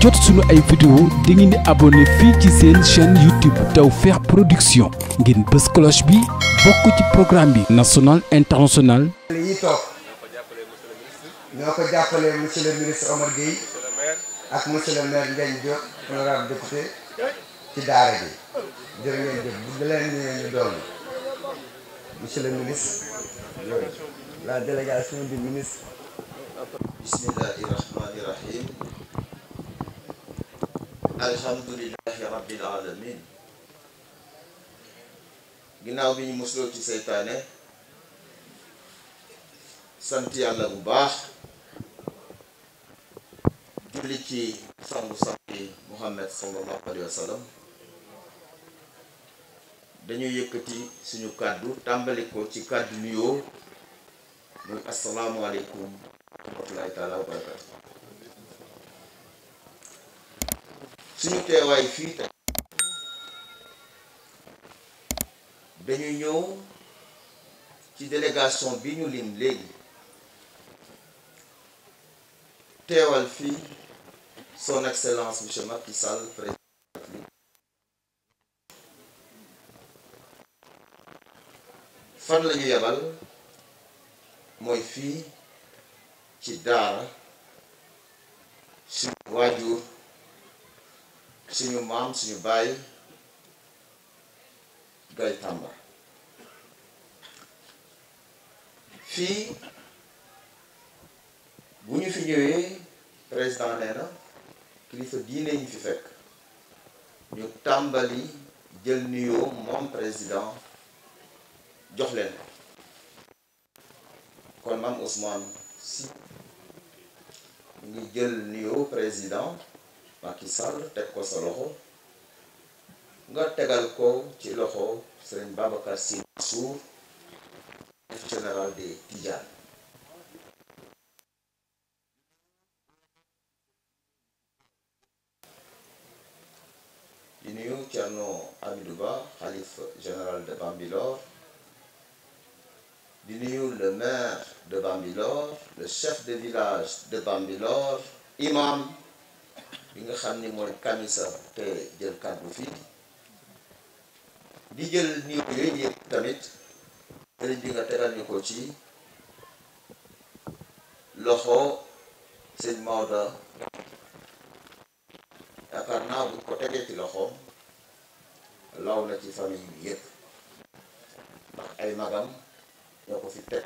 jot suñu ay vidéo da di abonné fii ci seen chaîne YouTube Tawfekh Production ngeen bës cloche bi bokk ci programme bi national international yi toog ñoo ko jàppalee monsieur le ministre ak monsieur le maire Ndiagne Diop honorable député ci daara bi jërë ngeen le ministre la délégation du ministre alhamdulilahi rabbil alamin ginnaaw bi ñu musloo ci seytaane sant yàlla bu baax julli ci sangu sangi muhammad sallallahu alayhi wa sallam dañu yëkkati suñu kàddu tàmbali ko ci kàddu nuyoo muy asalaamualeykum wa rahmatullahi taala wa barakatu suñu teewaay fii dañu ñëw ci délégation bi ñu lim léegi teewal fii son excellence monsieur Macky président fan la yebal mooy fii ci daara suñu waajur suñu maam suñu bàyyi doy fii bu ñu fi ñëwee président nee na kilifa diine ñu fi fekk ñu tàmbali jël nuyoo moom président jox leen ko kon maam Ousmane si ngi jël nuyoo président Macky Sall teg ko sa loxo nga tegal ko ci loxo Serigne Babacar Sy Mansour général des Tidjanes di nuyu Thierno Hamidou xalif général de Bambilor di nuyu le maire de Bambilor le chef de village de Bambilor imam bi nga xam ni mooy kamisa te jël kàddu fii di jël niw yooyu yëpp tamit sëriñ bi nga tegal ñu ko ci loxo sëñ Maodo yaakaar naa bu ko tegee ci loxoom law na ci famille bi yëpp ndax ay magam ñoo ko fi teg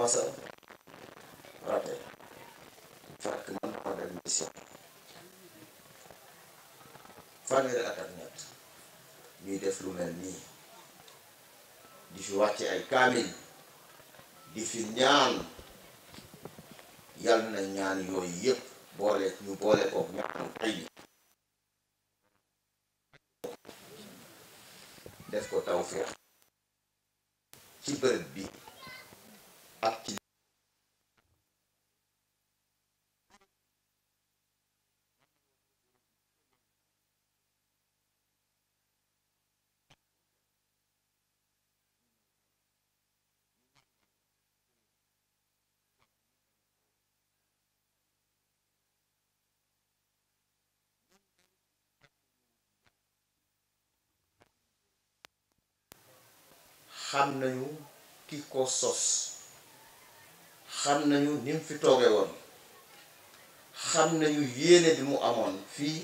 mas a raté fekk man dama dem mission fanweeri at ak ñett ñuy def lu mel nii di fi wàcce ay kaamil di fi ñaan yal na ñaan yooyu yëpp boole ñu boole kook ñaanu tey def ko tawfeex ci bërëb bi artisan. xam nañu ki ko sos xam nañu ni fi toogee woon xam nañu yéene bi mu amoon fii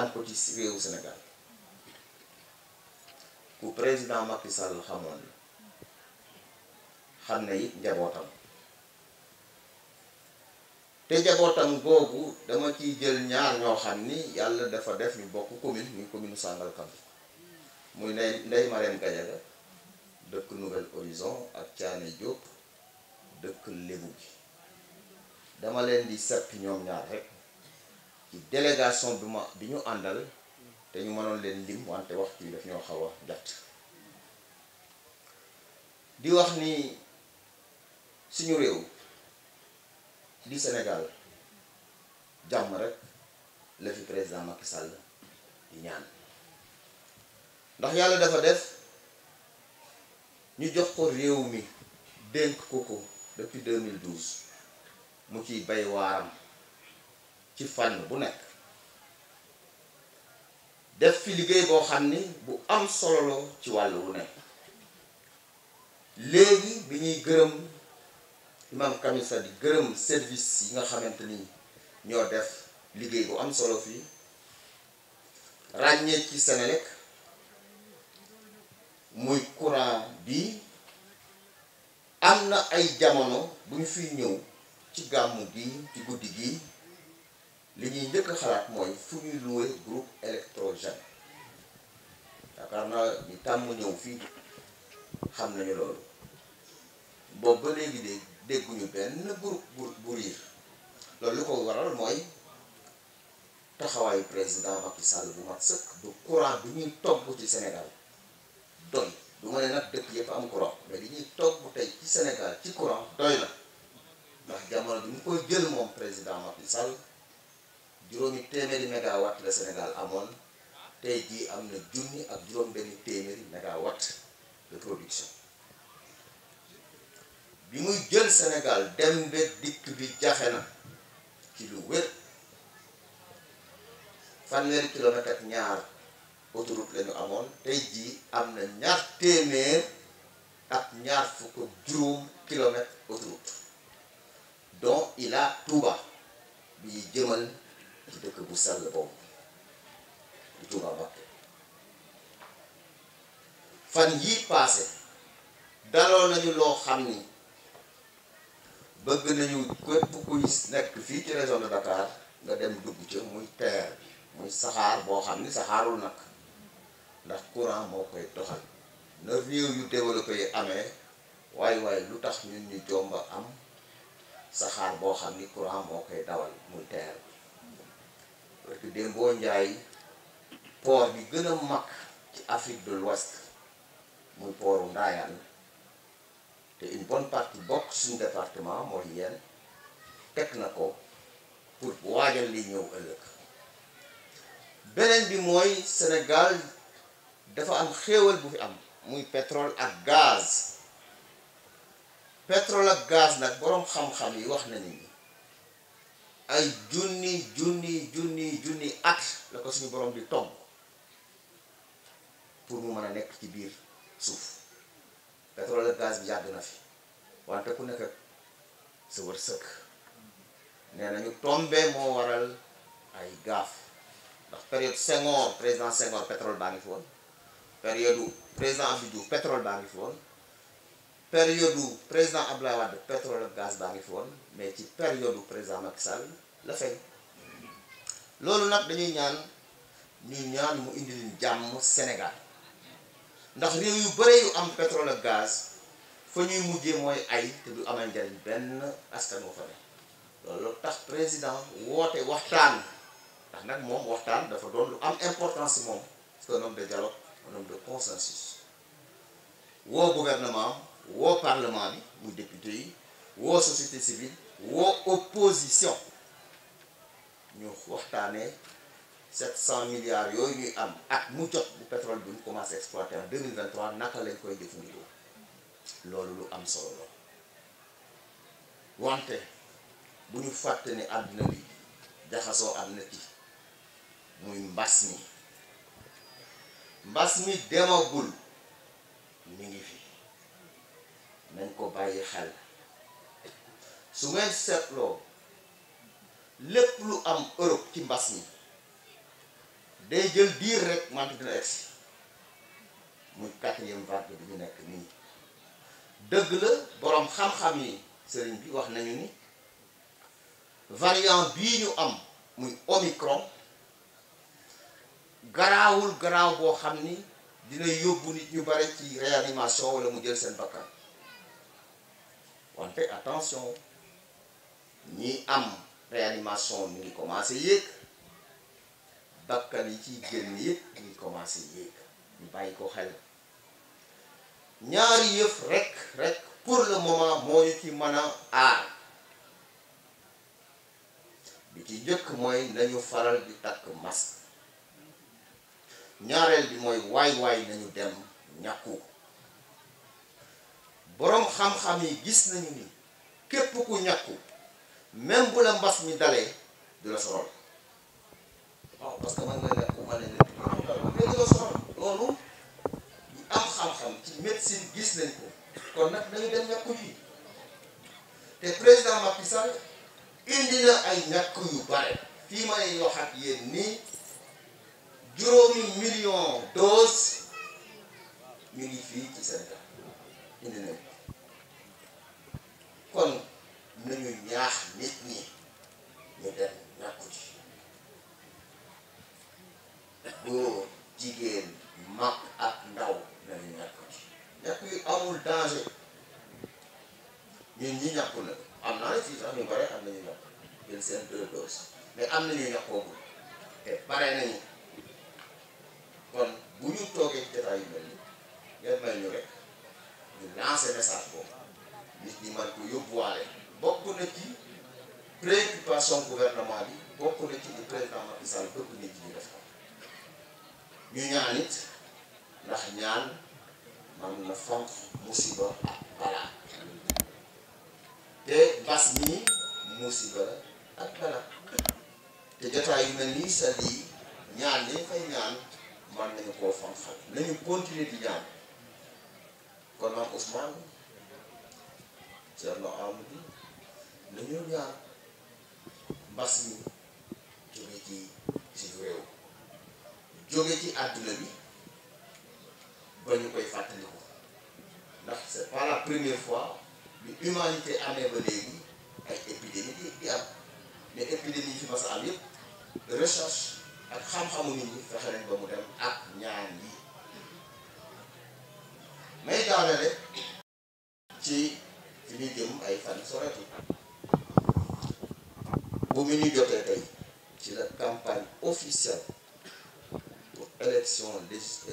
am ko ci réewu ku président Macky Sall xamoon xam ne it njabootam te njabootam googu dama ciy jël ñaar ñoo xam ni yàlla dafa def ñu bokk commune muy commune Sangalkam muy Ndeye Marème Gadiaga dëkk Nouvelle Horizon ak Thiané Diop dëkk léegu gi dama leen di seppi ñoom ñaar rek ci bi ma bi ñu àndal te ñu mënoon leen lim wante wax yi daf ñoo xaw jàtt di wax ni suñu réew di Sénégal jàmm rek la fi président Macky Sall di ñaan ndax yàlla dafa def ñu jox ko réew mi dénk ko ko depuis 2012 mu ciy bay waaram ci fànn bu nekk def fi liggéey boo xam ni bu am solo ci wàll wu nekk léegi bi ñuy gërëm imam kamisa di gërëm service yi nga xamante ni ñoo def liggéey bu am solo fii ràññee ci Senelec muy courant na ay jamono bu ñu fiy ñëw ci gàmmu gi ci guddi gi li ñuy njëkk xalaat mooy fu ñuy loué groupe électrogène yaakaar naa ñu tàmm ñëw fii xam nañu loolu boobu ba léegi de dégguñu benn groupe bu bu riir loolu li ko waral mooy taxawaayu président Macky Sall bu mat sëkk du courant bi ñuy togg ci Sénégal doy du ma ne nag dëkk yëpp am courant mais li ñuy togg tey ci Sénégal ci courant doy na ndax jamono bi mu koy jël moom président Macky Sall juróomi téeméeri mégawatt la Sénégal amoon tey jii am na junni ak juróom benni téeméeri mégawatt de production bi muy jël Sénégal dem ba dikk bi jafe na ci lu wér fanweeri kilomètre ñaar autoroute la amoon tey jii am na ñaar téeméer ak ñaar fukk juróom kilomètres autoroute donc il a Touba bi jëmal ci dëkk bu sell boobu di Touba Mbacké fan yii paase daloo nañu loo xam ni bëgg nañu képp kuy nekk fii ci région de nga dem dugg ca muy teer muy saxaar boo xam ni saxaarul nag ndax courant moo koy doxal na réew yu développé yi amee waaye waaye lu tax ñu ñu jomba am saxaar boo xam ni courant moo koy dawal mu teer parce que démboo njaay port bi gën mag ci Afrique de l'Ouest muy portu Ndayane te une bonne partie bokk suñu département mooy yéen teg na ko pour waajal li ñëw ëllëg beneen bi mooy Sénégal dafa am xéewal bu fi am muy pétrole ak gaz pétrole ak gaz nag boroom xam-xam yi wax nañu ni ay junni junni junni junni at la ko suñu boroom di togg pour mu mën a nekk ci biir suuf pétrole ak gaz bi na fi wante ku nekk ak sa wërsëg nee nañu moo waral ay gaaf ndax période Senghor président Senghor pétrole baa ngi fi woon période président Abdou Diouf pétrole baa ngi fi woon période président Abdoulaye Wade pétrole ak gaz baa ngi fi woon mais ci période président Macky Sall la feeñ loolu nag dañuy ñaan ñu ñaan mu indi leen jàmm Sénégal ndax réew yu bare yu am pétrole ak gaz fa ñuy mujjee mooy ay te du amal njariñ benn askan wu fa ne loolu tax président woote waxtaan ndax nag moom waxtaan dafa doon lu am importance si moom c'est un homme de dialogue un homme de consensus woo gouvernement woo parlement bi muy député yi woo société civile woo opposition ñu waxtaanee sept cent milliards yooyu ñuy am ak mu jot bu pétrole bi ñu commencé exploité naka lañ koy jëfandikoo loolu lu am solo la wante bu ñu fàtte ne àddina bi jaxasoo am na ci muy mbas mi mbas mi demagul mi ngi fi nañ ko bàyyi xel su ngeen seetloo lépp lu am Europe ci mbas mi day jël diir rek mante dina egsi muy quatrième vague bi ñu nekk nii dëgg la boroom xam-xam yi sëriñ bi wax nañu ni variant bii ñu am muy omicron garaawul garaaw boo xam ni dina yóbbu nit ñu bare ci réanimation wala mu jël seen bakkan wante attention ñi am réanimation mi ngi commencé yéeg bakkan yi ci génn yépp mi ngi commencé yéeg ñu bàyyi ko xel ñaari yëf rek rek pour le moment moo ñu ci mën a aar bi ci njëkk mooy nañu faral di takk masque ñaareel bi mooy waay waay nañu dem ñàkku boroom xam-xam yi gis nañu ni képp ku ñàkku même bu la mbas mi dalee du la sorol waaw parce man nga ñàkku ma ne la du la sorol loolu ñu am xam-xam ci gis yi te président Macky Sall indi na ay ñàkk yu bare fii wax ak yéen juróom million dose ñu ngi fii ci Sénégal indi nañ kon nañu ñaax nit ñi ñu dem nàkku ci góor jigéen mag ak ndaw nañu ñàkku ci ñàkk yu amul danger ñun ñi ñàkku na am naa ci sax ñu bare am nañu ñàkk jël seen deux doses mais am nañu ñàkkoobu te bare nañu kon bu ñu toogee ci jotaay yu mel ni ngeen may rek ñu lancé message boobu nit ñi man ko yóbbuwaale bokk na ci préoccupation gouvernement bi bokk na ci li président Macky Sall bëgg nit ñi def ko ñu ñaan it ndax ñaan man na fonk musiba ak te bas nii musiba ak balaa te jotaay yu nii sa lii ñaan li fay ñaan man nañu koo fanfal nañu continuer di ñaan kon maam Ousmane Thierno Amadou nañu ñaan mbas mi jóge ci suñu réew ci àdduna bi ba ñu koy fàttaliku ndax c'est pas la première fois bi humanité amee ba léegi ay épidémie di am mais épidémie yi fi mas a yëpp ak xam-xamu nit ñi fexe nañ ba mu dem ak ñaan yi may daanale ci ci ñu jëm ay fan sorati bu mu ñu jotee tey ci la campagne officielle pour élection lég euh,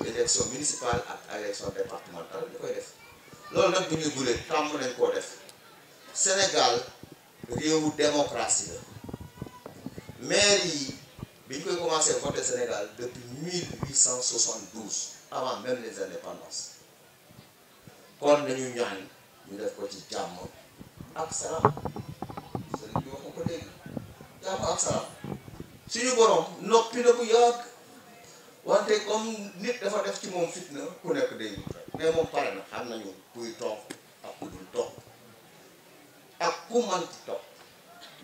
euh, élection municipale ak élection départementale ñu koy def loolu nag bu ñu gulee tàmm nañ koo def Sénégal réewu démocratie la maire yi bi ñu koy commencé voter Sénégal depuis 1872 avant même les indépendances kon nañu ñaan ñu def ko ci jàmm ak salaam sëriñ bi wax ko dégg jàmm ak salaam borom noppi bu yàgg wante comme nit dafa def ci moom fitna ku nekk day mais moom pare na xam nañu kuy toog ak ku dul toog ak ku manti toog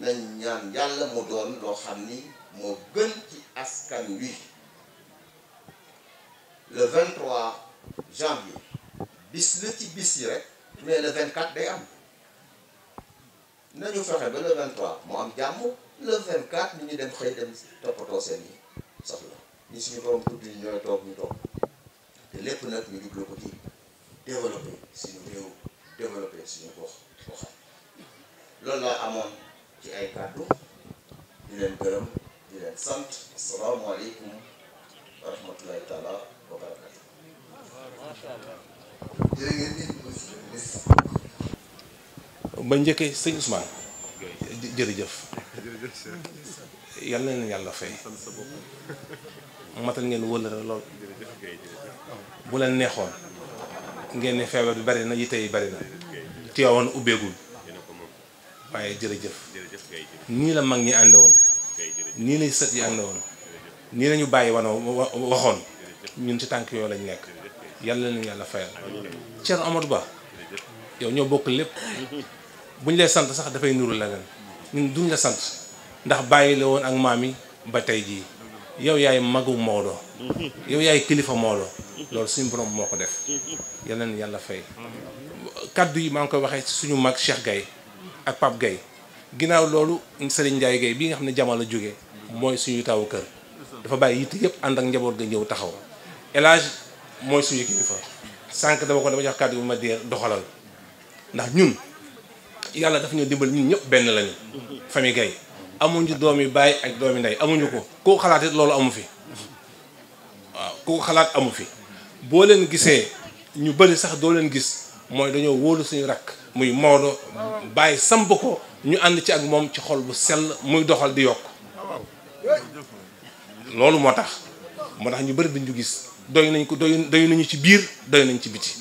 nañ ñaan yàlla mu doon loo xam ni moo gën ci askan wi le 23 janvier bis la ci bis yi rek mais le 24 day am nañu fexe ba le 23 moo am jàmm le 24 nit ñi dem xëy dem toppatoo seen yi soxla ni suñu borom tudd yi ñooy toog ñu toog te lépp nag ñu jublu ko ci développé suñu réew développé suñu gox goxam loolu laa amoon ci ay kàddu di leen gërëm. di leen sant ba njëkkee sëñ Ousmane jërëjëf yàlla na yàlla fay matal ngeen wëlëra lool bu leen neexoon ngeen ne feebar bi bari na yitte yi bari na Tiwaawan ubbeegul waaye jërëjëf nii la mag ñi àndewoon nii lay sët yi ànd woon nii lañu bàyyi wanoo waxoon ñun ci tànk yooyu lañ nekk yàlla nañu yàlla fayal Thierno Amadou Ba yow ñoo bokk lépp bu ñu lay sant sax dafay nuru la leen ñun la sant ndax bàyyi la woon ak maam yi ba tey jii yow yaay magu Maodo yow yaay kilifa moodo loolu suñu borom moo ko def yal na yàlla fay kaddu yi maa ngi koy waxee suñu mag Cheikh Gaye ak Pape gay ginnaaw loolu Serigne Ndiaye Gueye bii nga xam ne jamono la jógee mooy suñu tawu kër dafa bàyyi yitte yëpp ànd ak njaboot ga ñëw taxaw élage mooy suñu kilifa sànq dama ko dama jox kàddu bu ma dee doxalal ndax ñun yàlla dafa ñoo dimbal ñun ñëpp benn lañu famille Gueye amuñu doomi baay ak yi ndey amuñu ko koo xalaat loolu amu fi waaw koo xalaat amu fi boo leen gisee ñu bari sax doo leen gis mooy dañoo wóolu suñu rakk muy Maodo bàyyi samp ko ñu ànd ci ak moom ci xol bu sel muy doxal di yokk loolu moo tax moo tax ñu bari dañ ñu gis doy nañ ko doy doy nañu ci biir doy nañ ci biti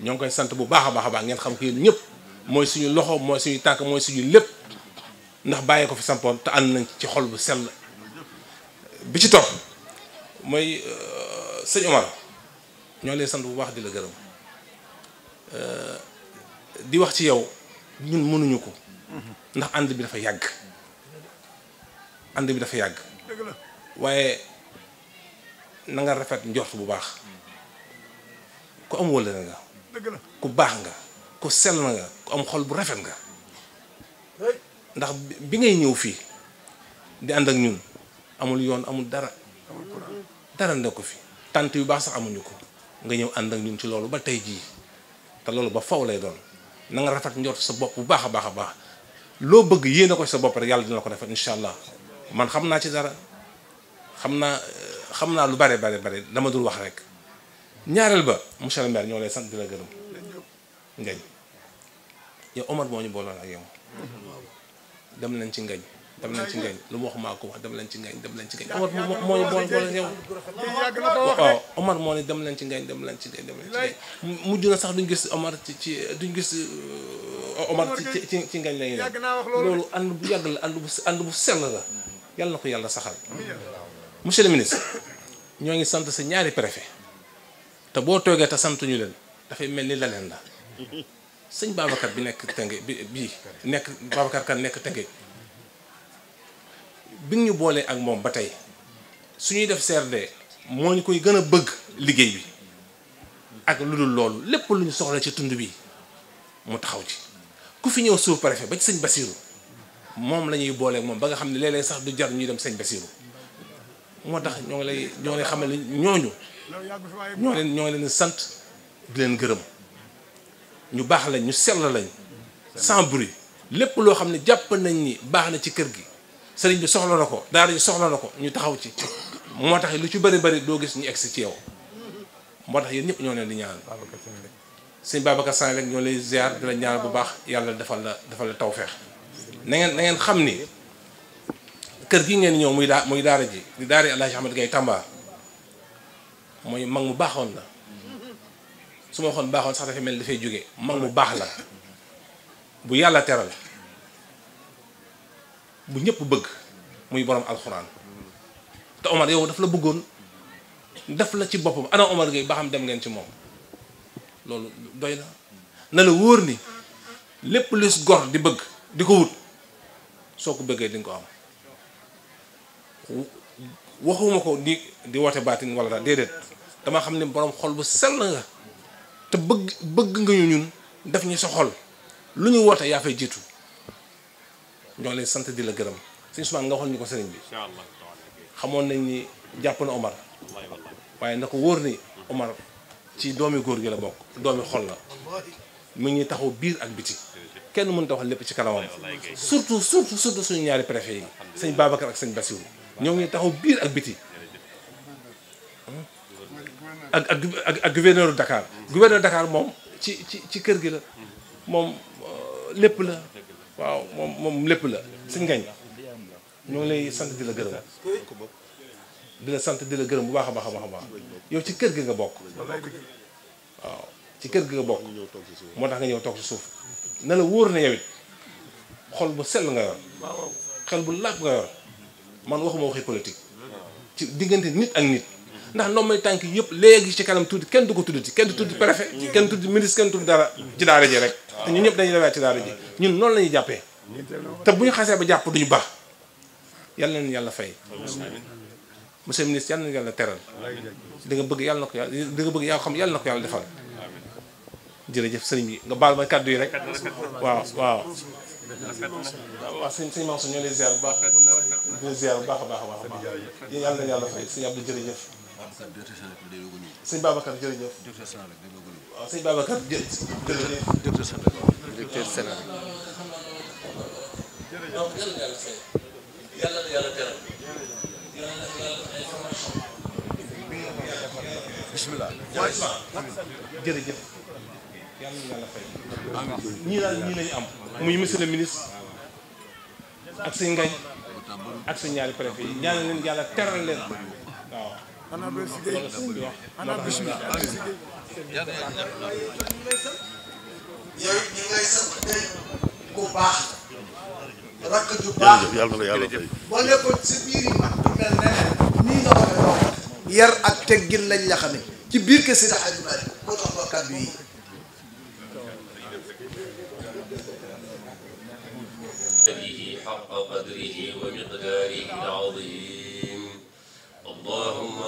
ñoo ngi koy sant bu baax a baax a baax ngeen xam ko yéen ñëpp mooy suñu loxo mooy suñu tànk mooy suñu lépp ndax bàyyee ko fi sampoon te ànd nañ ci xol bu sell bi ci topp mooy euh, sëñ Omar ñoo lay sant bu baax di la gërëm euh, di wax ci yow ñun mënuñu ko ndax ànd bi dafa yàgg ànd bi dafa yàgg waaye na rafet njort bu baax ku am wëllëre nga ku baax nga ku sell nga ku am xol bu rafet nga ndax bi ngay ñëw fii di ànd ak ñun amul yoon amul dara dara ne ko fi tànt yu baax sax amuñu ko nga ñëw ànd ak ñun ci loolu ba tey jii te loolu ba faw lay doon na nga rafet njoot sa bopp bu baax a baax a baax loo bëgg yéene ko sa bopp rek yàlla dina la ko defal incha allah man xam naa ci dara xam naa eh, xam naa lu bare bare bare dama dul wax rek ñaareel ba monsieur le maire ñoo lay sant di la gërëm ngañ yow Omar moo ñu booloon ak yow dem nañ ci ngañ dem leen ci ngañ lu mu wax maa ko wax dem leen ci ngañ dem leen ci ngañ Omar moo moo ñu boole yow moo ne dem leen ci ngañ dem leen ci ngañ mujj na sax duñ gis Omar ci ci duñ gis uh, Omar ci ci ngañ lañu ne loolu ànd bu yàgg la ànd bu ànd bu sell la yàlla na ko yàlla saxal monsieur le ministre ñoo ngi sant sa ñaari préfet te boo toogee te santuñu ñu leen dafay mel ni leneen la sëñ Babacar bi nekk Tëngéej bi nekk Babacar kan nekk Tëngéej bi ñu boolee ak moom ba tey su ñuy def CRD moo ñu koy gën a bëgg liggéey bi ak lu dul loolu lépp lu ñu soxla ci tund bi mu taxaw ci ku fi ñëw suuf préfet ba ci sëñ Basiru moom lañuy ñuy booleeg moom ba nga xam ne léeg-léeg sax du jar ñuy dem sëñ Basiru moo tax ñoo ngi lay ñoo ngi lay xamal ñooñu ñoo leen ñoo leen sant di leen gërëm ñu baax lañ ñu sell lañ sans bruit lépp loo xam ne jàpp nañ ni baax na ci kër gi sëriñ bi soxla na ko daara ji soxla na ko ñu taxaw ci moo tax lu ci bari bari doo gis ñu egsi ci yow moo tax yéen ñëpp ñoo leen di ñaan sëñ Babacar san rek ñoo lay ziar di la ñaan bu baax yàlla defal la defal la tawfeex na ngeen na ngeen xam ni kër gi ngeen ñëw muy daa muy daara ji di daari Alaaji Ahmad Gaye Tamba mooy mag mu baaxoon la su ma waxoon baaxoon sax dafay mel dafay jóge mag mu baax la bu yàlla teral bu ñëpp bëgg muy borom alxuraan te Omar yow daf la bëggoon def la ci boppam ana Omar Gueye ba xam dem ngeen ci moom loolu doy na na la wóor ni lépp lu gor di bëgg di ko wut soo ko bëggee di nga ko am waxuma ko di di woote baatin wala daal déedéet dama xam ne boroom xol bu sell nga te bëgg bëgg nga ñu ñun def ñu sa xol lu ñu woote yaa fay jiitu ñoo lay sant di la gërëm sëñ Ousmane nga xool ñu ko sëriñ bi xamoon nañ ni jàpp na Omar waaye na ko wóor ni Omar ci doomi góor gi la bokk doomi xol la mu ngi taxaw biir ak biti kenn mun a wax lépp ci kanamam surtout surtout surtout suñu ñaari préfet yi sañ Babacar ak sëñ Bassirou ñoo ngi taxaw biir ak biti ak ak ak gouverneur Dakar mm. gouverneur Dakar moom ci ci ci kër gi la mm. moom euh, lépp la waaw moom moom lépp la sëñ ngañ ñoo ngi lay sant di la gërëm di la sant di la gërëm bu baax a baax a baax yow ci kër gi nga bokk waaw ci kër gi nga bokk moo tax nga ñëw toog suuf na la wóor na yow it xol bu sell nga yor xel bu laab nga yor man waxuma waxi politique ci diggante nit ak nit ndax ndombay tànk yëpp léegi ci kanam tuuti kenn du ko tuddati kenn du tudd préfet mm. kenn tudd ministre kenn tudd dara ci daara ji rek ah. te ñun ñëpp dañuy dawaat ci daara ñun noonu la ñuy jàppee te bu ñu xasee ba jàpp duñu baax yàlla nañu yàlla fay monsieur ministre yàlla nañu yàlla teral da nga bëgg yàlla ko yàlla da nga bëgg yaa xam yàlla na ko yàlla defal jërëjëf sëriñ bi nga baal ma kàddu yi rek waaw waaw waaw sëñ sëñ Mansour ñoo lay ziar bu baax di ziar bu baax a baax a baax yàlla yàlla fay sëñ Abdou jërëjëf sëñ Babacar jërëjëf. waaw ñii daal am. muy monsieur le ak sëñ Ngagne. ak sëñ ñaari préfet yi ñaanal leen yàlla teral leen. ana bés si géej ana bés si géej. yooyu ñu ngi lay sant tey ku baax rakk ju baax yàlla na yàlla fay. boo nekkoon sa biir yi mag du mel ne nii nga war a doon yar ak teggin lañ la xamee ci biir kër Seydi Hadji Malick moo tax ba kàddu yi. حق قدره ومقداره العظيم الله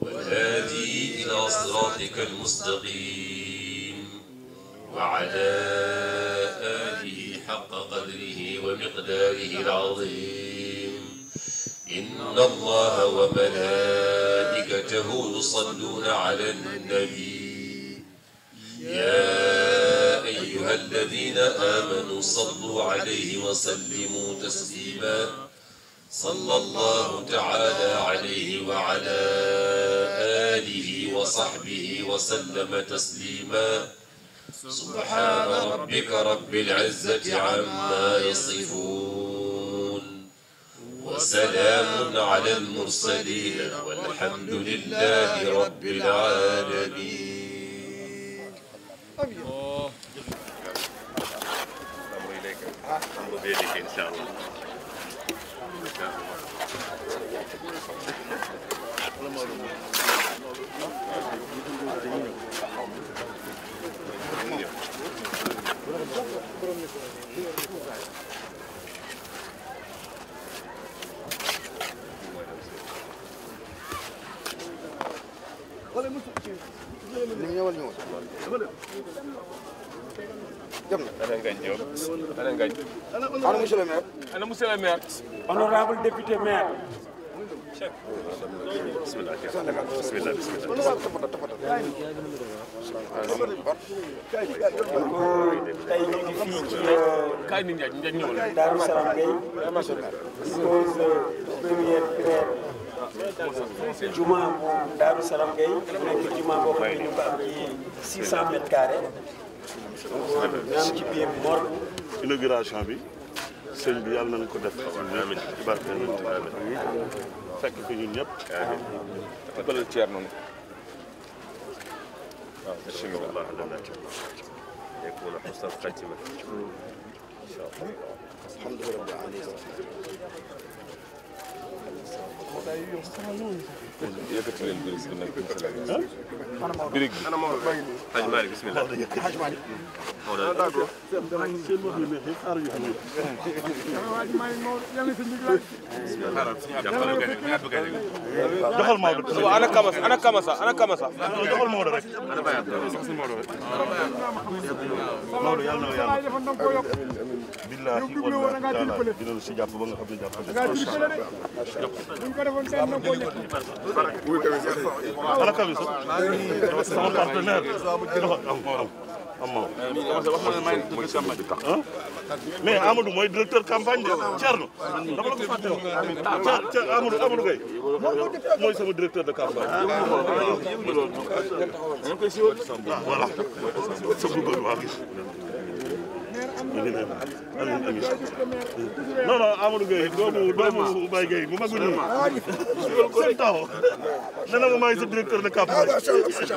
والهادي إلى صراطك المستقيم وعلى آله حق قدره ومقداره العظيم إن الله وملائكته يصلون على النبي يا أيها الذين آمنوا صلوا عليه وسلموا تسليماً صلى الله تعالى عليه وعلى آله وصحبه وسلم تسليما سبحان ربك رب العزة عما يصفون وسلام على المرسلين والحمد لله رب العالمين أمر إليك أمر بيدك إن شاء الله Давай, мы тут. Давай, мы тут. Давай, мы тут. jëm na. ana ngañ Diop ana ngañ. ana monsieur le honorable député maire. bismillah bismillah bismillah. tey ñu ngi fii ci. Euh, kaay ni Ndiaye Ndiaye inauguration bi sëñ bi yàlla nañ ko def amiin ci barke amiin fekk ko ñun ñëpp amiin ceer noonu waaw bismillah يكون حسن الخاتمة إن شاء الله الحمد لله yëkkati leen birig bi nag incha allah. birig bi. Hadj Malick bisimilah. Hadj Malick. Maodo d' accord. joxal Maodo. waaw ana Kamasa ana Kamasa ana Kamasa. joxal Maodo rek. Maodo yàlla na yàlla. billaahi wallaahi dina la si jàpp ba nga xam ne jàpp mais Amadou mooy directeur campagne de Thierno dama la ko fàtte woon Amadou Amadou Gueye mooy sama directeur de campagne. Ah, voilà. amiin amiin amiin non non Amadou Gueye doomu doomu Baye Gueye bu mag nii seen taw nee na ma maay sa directeur de Kapp Mbaye jërëjëf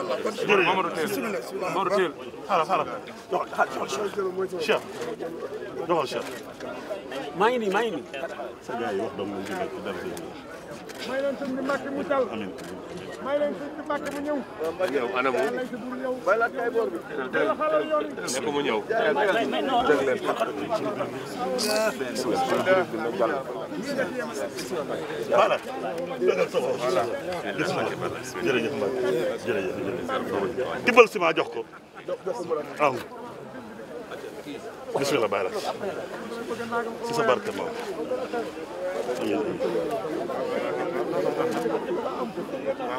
Amadou Teel Amadou Teel xaaral xaaral joxal Cheikh joxal Cheikh maa ngi nii maa ngi nii sa gars yi wax doomu lañ may leen sëñ bi Mbàkke mu tal mu ñëw yow ana mu yow bay la kay boor bi jox ko aw bismillah bay la si sa barke waaw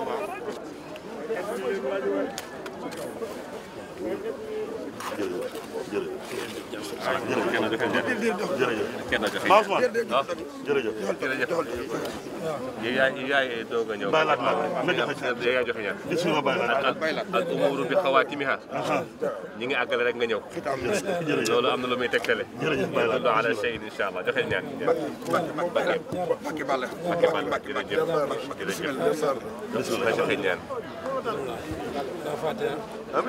waaw ñi ngi àggale rek nga ñëw loolu am na lu muy tegtale loolu ala shay insha allah joxe ñaan bakke bakke balle bakke balle jërëjëf jërëjëf bismillah joxe ñaan ñu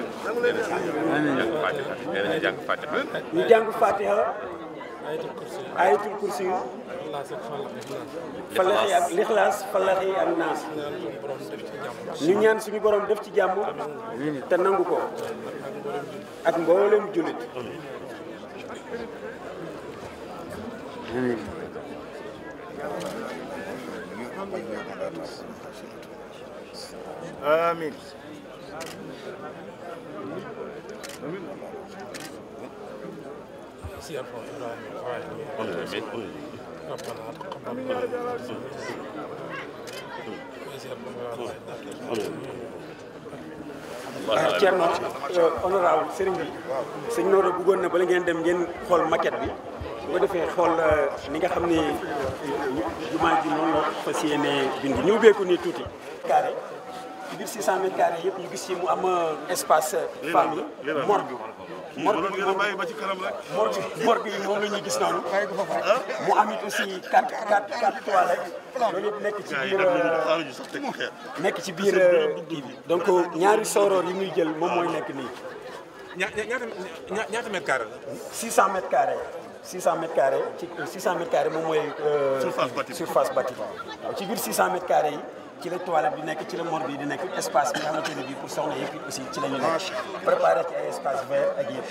jàng Fatiha ñu jàng Fatiha ayatul kursi falax yi ak lixlaas falax ak naas ñu ñaan suñu borom def ci jàmm te nangu ko ak mboolem jullit سير إبراهيم وعلي ربنا تقبل منا Cerno honorable na bala ngeen dem ngeen xool maquette bi bu defee xool ni nga xam ne jumaa ji noonu la fas yéene bind ñu ubbeeku nii tuuti carré ci biir 600 mètres carrés yëpp ñu gis ci mu am euh, espace euh, famille morgue morgue bi moom morgue bi moom la ñuy gis noonu ah. mu am it aussi quatre quatre quatre toilettes loolu yëpp nekk ci biir euh, nekk ci biir kii bi donc ñaari soroor yi muy jël moom mooy ah. nekk nii ñaata ñaata mètres carrés la 600 mètres carrés 600 mètres carrés ci 600 mètres carrés moom mooy surface bâtie surface bâtie waaw ci biir 600 mètres carrés yi ci la toilette bi nekk ci la morgue di nekk espace bi nga bi ne bii pour soxna yëpp aussi ci la ñu nekk préparé ci ay espace vert ak yëpp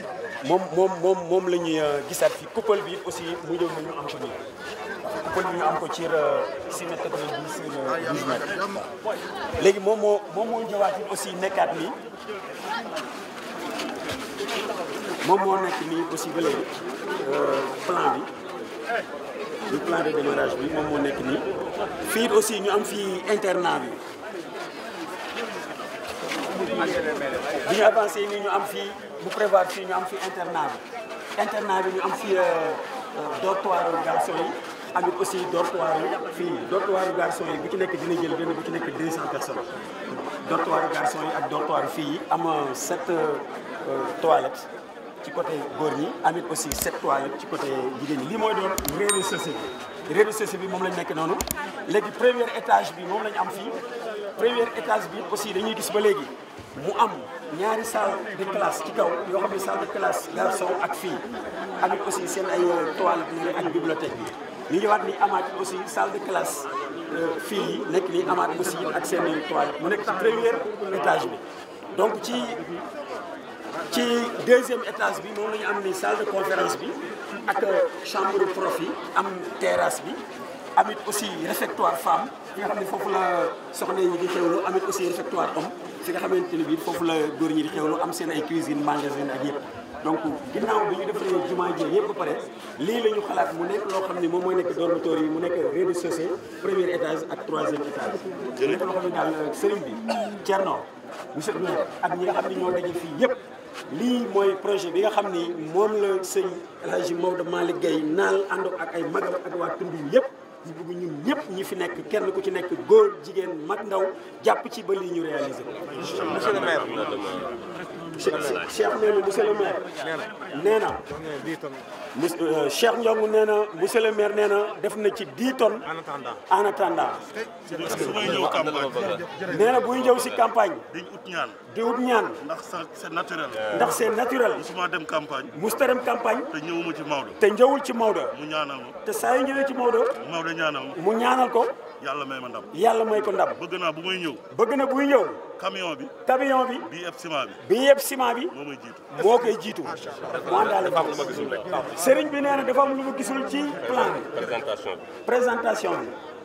moom moom moom moom lañuy euh, gisaat fi couple bi aussi mu jëm ñu am ko nii couple bi ñu am ko ci si na bi sur 12 euh, mètres léegi moom moo moom moo ñëwaat aussi nekkaat nii moom moo nekk nii aussi ba léegi euh, plan bi le plan de démarrage bi moom moo nekk nii fii aussi ñu am fii internat bi bi ñu avancé nii ñu am fii bu prévoir fii ñu am fii internat bi bi ñu am fii euh, euh, dortoiru garçon yi ak aussi dortoiru fii dortoiru garçon yi bu ci nekk dina jël benn bu ci nekk 200 personnes dortoiru garçon yi ak dortoiru fii yi am 7 euh, toilettes ci côté góor ñi amit aussi sept toilettes ci côté jigéen ñi lii mooy doon réeru société bi réeru société bi moom lañ nekk noonu léegi premier étage bi moom lañ am fii premier étage bi aussi dañuy gis ba léegi mu am ñaari salle de classe ci kaw yoo xam ne salle de classe garçon ak fille amit aussi seen ay toilettes nene ak bibliothèque bi ñu ñëwaat ni amaat aussi salle de classe euh, fille yi nekk ni amaat aussi ak seen toilettes mu nekk ci premier étage bi donc ci ci deuxième étage bi moom la am ni salle de conférence bi ak chambre de profit am terrasse bi amit aussi réfectoire femme fi nga xam ne foofu la soxna yi di xewlu amit aussi réfectoire homme fi nga xamante ne bii foofu la góor ñi am seen ay cuisine magasin ak yëpp donc ginnaaw bi ñu def jumaa ji yëpp ba pare lii la ñu xalaat mu nekk loo xam ne moom mooy nekk dormitoire yi mu nekk rez-de-chaussée premier étage ak troisième étage nekk loo xam ne daal sëriñ bi Thierno monsieur le maire ak ñi nga xam ne ñoo daje fii yëpp lii mooy projet bi nga xam ni moom la sëñ El Hadji Maodo Malick Gueye naal ànd ak ay magam ak waa tund yi yëpp ñu bëgg ñun ñëpp ñi fi nekk kenn ku ci nekk góor jigéen mag ndaw jàpp ci ba lii ñu réaliser ko. monsieur le Cheikh nee na monsieur le maire nee na monsieur Cheikh Ndiongue nee na monsieur le maire nee na def na ci 10 tonnes en attendant nee na buy si campagne di ut ñaan ndax seen naturel ndax seen naturel musuma dem campagne musta campagne te ñëwuma ci Maodo te ñëwul ci Maodo mu ñaanal te saa yu ci Maodo Maodo ñaanal mu ñaanal ko yàlla may ma ndam yàlla may ko ndam bëgg naa bu muy ñëw bëgg na buy ñëw camion bi camion bi bii yëpp ciment bi bii yëpp ciment bi moo may jiitu moo koy jiitu mu àndaale dafa ma gisul rek bi nee na dafa am lu ma gisul ci plan bi présentation bi présentation bi